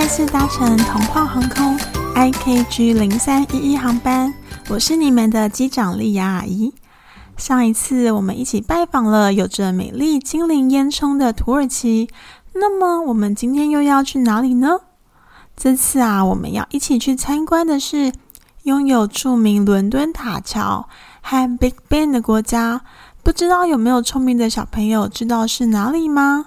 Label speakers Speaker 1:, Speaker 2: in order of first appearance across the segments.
Speaker 1: 再次搭乘同框航空 IKG 零三一一航班，我是你們的機長莉亞阿姨。上一次我們一起拜訪了有着美麗精靈煙囪的土耳其，那麼我們今天又要去哪裡呢？這次啊，我們要一起去參觀的是擁有著名倫敦塔橋和 Big Ben 的國家。不知道有沒有聰明的小朋友知道是哪裡嗎？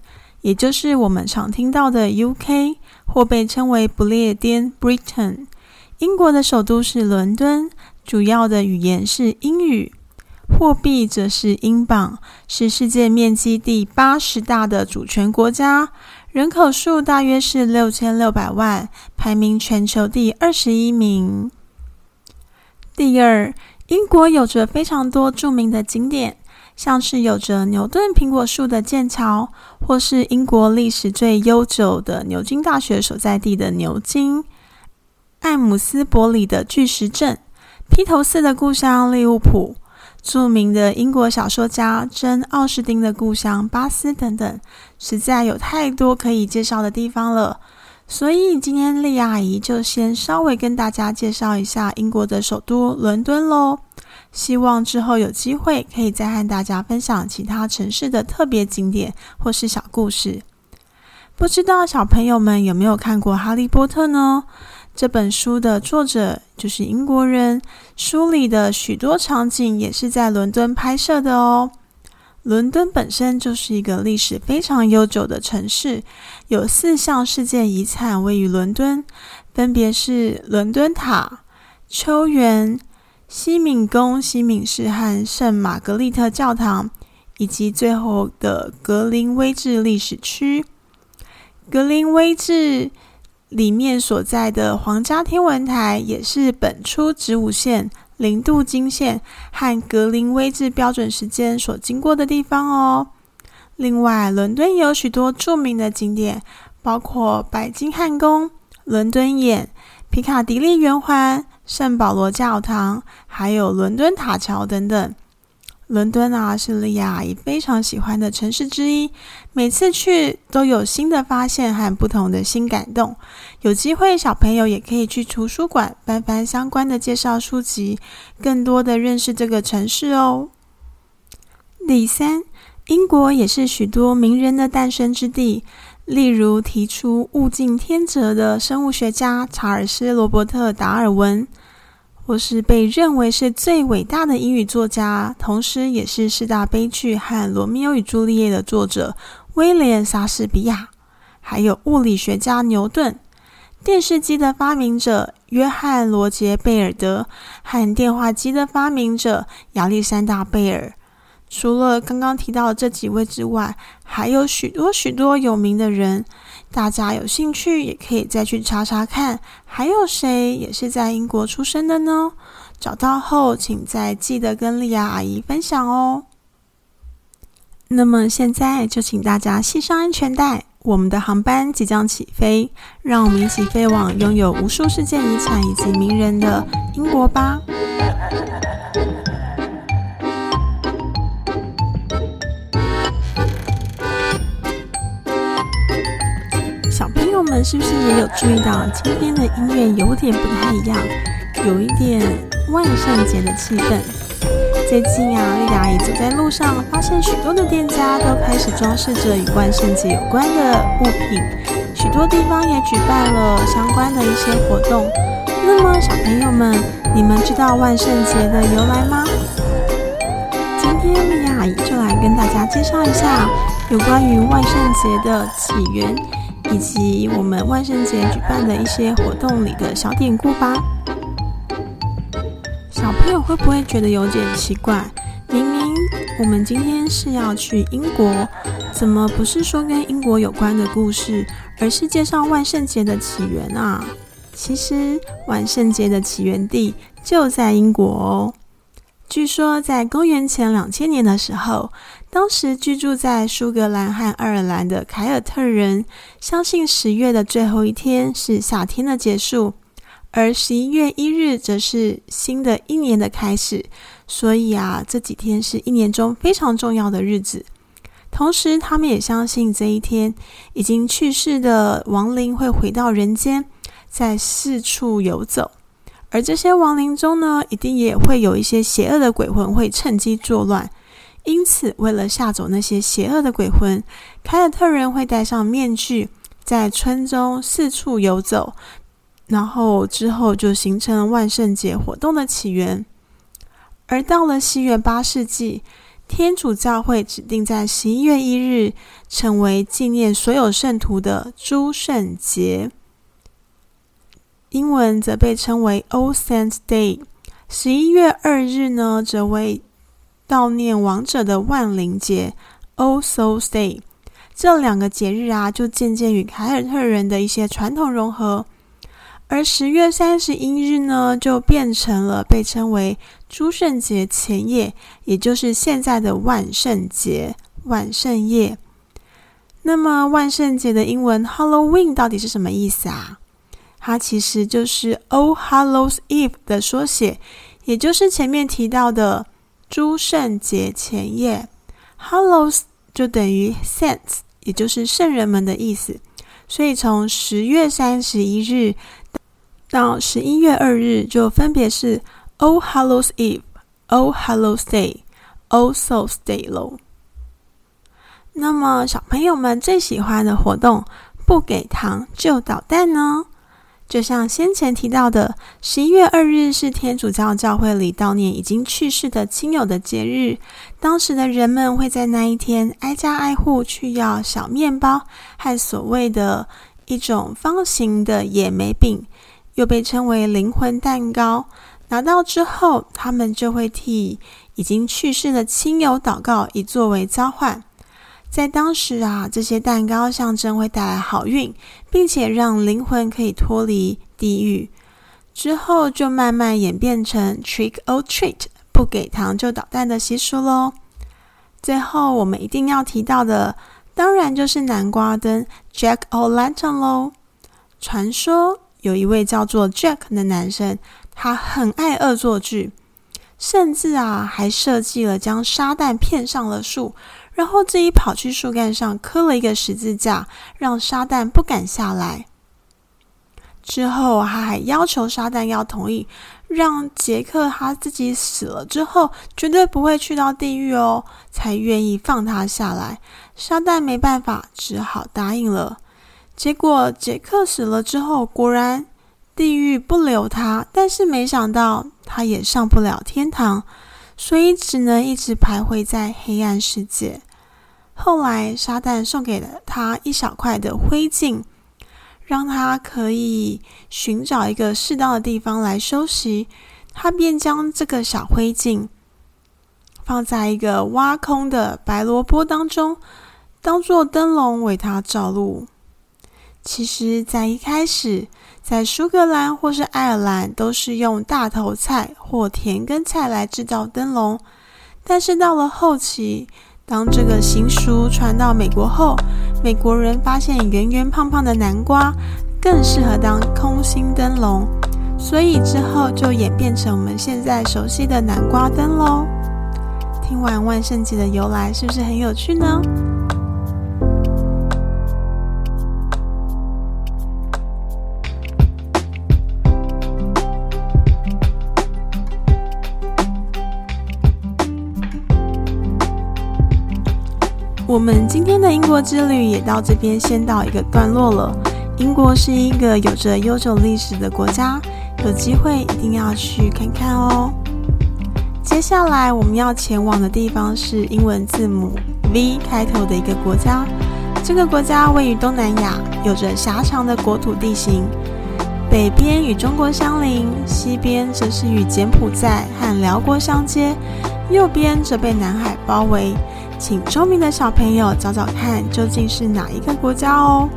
Speaker 1: 也就是我們常聽到的 UK，或被稱為不列顛 （Britain）。英國的首都是倫敦，主要的語言是英語，貨幣則是英鎊，是世界面積第八十大的主權國家，人口數大約是六千六百萬，排名全球第二十一名。第二，英國有着非常多著名的景點。像是有着牛頓蘋果樹的劍橋，或是英國歷史最悠久的牛津大學所在地的牛津，艾姆斯伯里的巨石陣，披頭四的故鄉利物浦，著名的英國小說家珍·奧斯汀的故鄉巴斯等等，實在有太多可以介紹的地方了。所以今天莉亞阿姨就先稍微跟大家介紹一下英國的首都倫敦嘍。希望之後有機會可以再和大家分享其他城市的特別景點或是小故事。不知道小朋友們有沒有看過《哈利波特》呢？這本書的作者就是英國人，書裡的許多場景也是在倫敦拍攝的哦。倫敦本身就是一個歷史非常悠久的城市，有四項世界遺產位於倫敦，分別是倫敦塔、邱園。西敏宮、西敏寺和聖瑪格麗特教堂，以及最後的格林威治歷史區。格林威治裡面所在的皇家天文台，也是本初子午線、零度經線和格林威治標準時間所經過的地方哦。另外，倫敦也有許多著名的景點，包括白金漢宮、倫敦眼、皮卡迪利圓環。聖保羅教堂，還有倫敦塔橋等等。倫敦啊，是利亞也非常喜歡的城市之一，每次去都有新的發現和不同的新感動。有機會，小朋友也可以去圖書館翻翻相關的介紹書籍，更多的認識這個城市哦。第三，英國也是許多名人的誕生之地，例如提出“物競天擇”的生物學家查爾斯·羅伯特·達爾文。或是被認為是最偉大的英語作家，同時也是四大悲劇和《羅密歐與朱麗葉》的作者威廉·莎士比亞，還有物理學家牛頓、電視機的發明者約翰·羅傑·貝爾德和電話機的發明者亞歷山大·貝爾。除了剛剛提到的這幾位之外，還有許多許多有名的人。大家有興趣也可以再去查查看，還有誰也是在英國出生的呢？找到後，請再記得跟莉亞阿姨分享哦。那麼現在就請大家繫上安全帶，我們的航班即將起飛，讓我們一起飛往擁有無數世界遺產以及名人的英國吧。們是不是也有注意到今天的音樂有點不太一樣，有一點萬聖節的氣氛？最近啊，莉雅阿姨走在路上，發現許多的店家都開始裝飾着與萬聖節有關的物品，許多地方也舉辦了相關的一些活動。那麼，小朋友們，你們知道萬聖節的由來嗎？今天，莉雅阿姨就來跟大家介紹一下有關於萬聖節的起源。以及我們萬聖節舉辦的一些活動裡的小典故吧。小朋友會不會覺得有點奇怪？明明我們今天是要去英國，怎麼不是說跟英國有關的故事，而是介紹萬聖節的起源啊？其實萬聖節的起源地就在英國哦。據說在公元前兩千年的時候。當時居住在蘇格蘭和愛爾蘭的凱爾特人相信，十月的最後一天是夏天的結束，而十一月一日則是新的一年的開始。所以啊，這幾天是一年中非常重要的日子。同時，他們也相信這一天已經去世的亡靈會回到人間，在四處遊走。而這些亡靈中呢，一定也會有一些邪惡的鬼魂會趁機作亂。因此，為了嚇走那些邪惡的鬼魂，凱爾特人會戴上面具，在村中四處遊走，然後之後就形成了萬聖節活動的起源。而到了西元八世紀，天主教會指定在十一月一日成為紀念所有聖徒的諸聖節，英文則被稱為 All Saints Day。十一月二日呢，則為悼念亡者的萬靈節 o Souls Day），這兩個節日啊，就漸漸與凱爾特人的一些傳統融合，而十月三十一日呢，就變成了被稱為諸聖節前夜，也就是現在的萬聖節、萬聖夜。那麼，萬聖節的英文 “Halloween” 到底是什麼意思啊？它其實就是 O Hallows Eve” 的縮寫，也就是前面提到的。諸聖節前夜，Hallows 就等於 Saints，也就是聖人們的意思。所以從十月三十一日到十一月二日，就分別是 All Hallows Eve、All Hallows Day、All Souls Day 嘍。那麼小朋友們最喜歡的活動，不給糖就搗蛋呢、哦？就像先前提到的，十一月二日是天主教教會裡悼念已經去世的親友的節日。當時的人們會在那一天挨家挨戶去要小麵包和所謂的一種方形的野莓餅，又被稱為靈魂蛋糕。拿到之後，他們就會替已經去世的親友禱告，以作為交換。在當時啊，這些蛋糕象徵會帶來好運，並且讓靈魂可以脫離地獄。之後就慢慢演變成 trick or treat，不給糖就搗蛋的習俗咯。最後我們一定要提到的，當然就是南瓜燈 Jack O' Lantern 咯。傳說有一位叫做 Jack 的男生，他很愛惡作劇，甚至啊還設計了將撒旦騙上了樹。然後自己跑去樹幹上刻了一個十字架，讓撒旦不敢下來。之後他還要求撒旦要同意，讓傑克他自己死了之後，絕對不會去到地獄哦，才願意放他下來。撒旦沒辦法，只好答應了。結果傑克死了之後，果然地獄不留他，但是沒想到他也上不了天堂，所以只能一直徘徊在黑暗世界。後來，撒旦送給了他一小塊的灰燼，讓他可以尋找一個適當的地方來休息。他便將這個小灰燼放在一個挖空的白蘿蔔當中，當做燈籠為他照路。其實，在一開始，在蘇格蘭或是愛爾蘭，都是用大頭菜或甜根菜來製造燈籠，但是到了後期，當這個習俗傳到美國後，美國人發現圓圓胖胖的南瓜更適合當空心燈籠，所以之後就演變成我們現在熟悉的南瓜燈嘍。聽完萬聖節的由來，是不是很有趣呢？我們今天的英國之旅也到這邊先到一個段落了。英國是一個有着悠久歷史的國家，有機會一定要去看看哦。接下來我們要前往的地方是英文字母 V 開頭的一個國家。這個國家位於東南亞，有着狹長的國土地形，北邊與中國相鄰，西邊則是與柬埔寨和寮國相接，右邊則被南海包圍。請聰明的小朋友找找看，究竟是哪一個國家哦？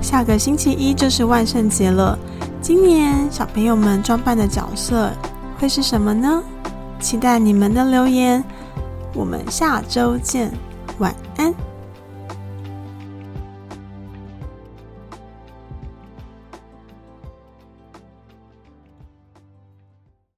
Speaker 1: 下個星期一就是萬聖節了，今年小朋友們裝扮的角色會是什麼呢？期待你們的留言。我們下周見，晚安。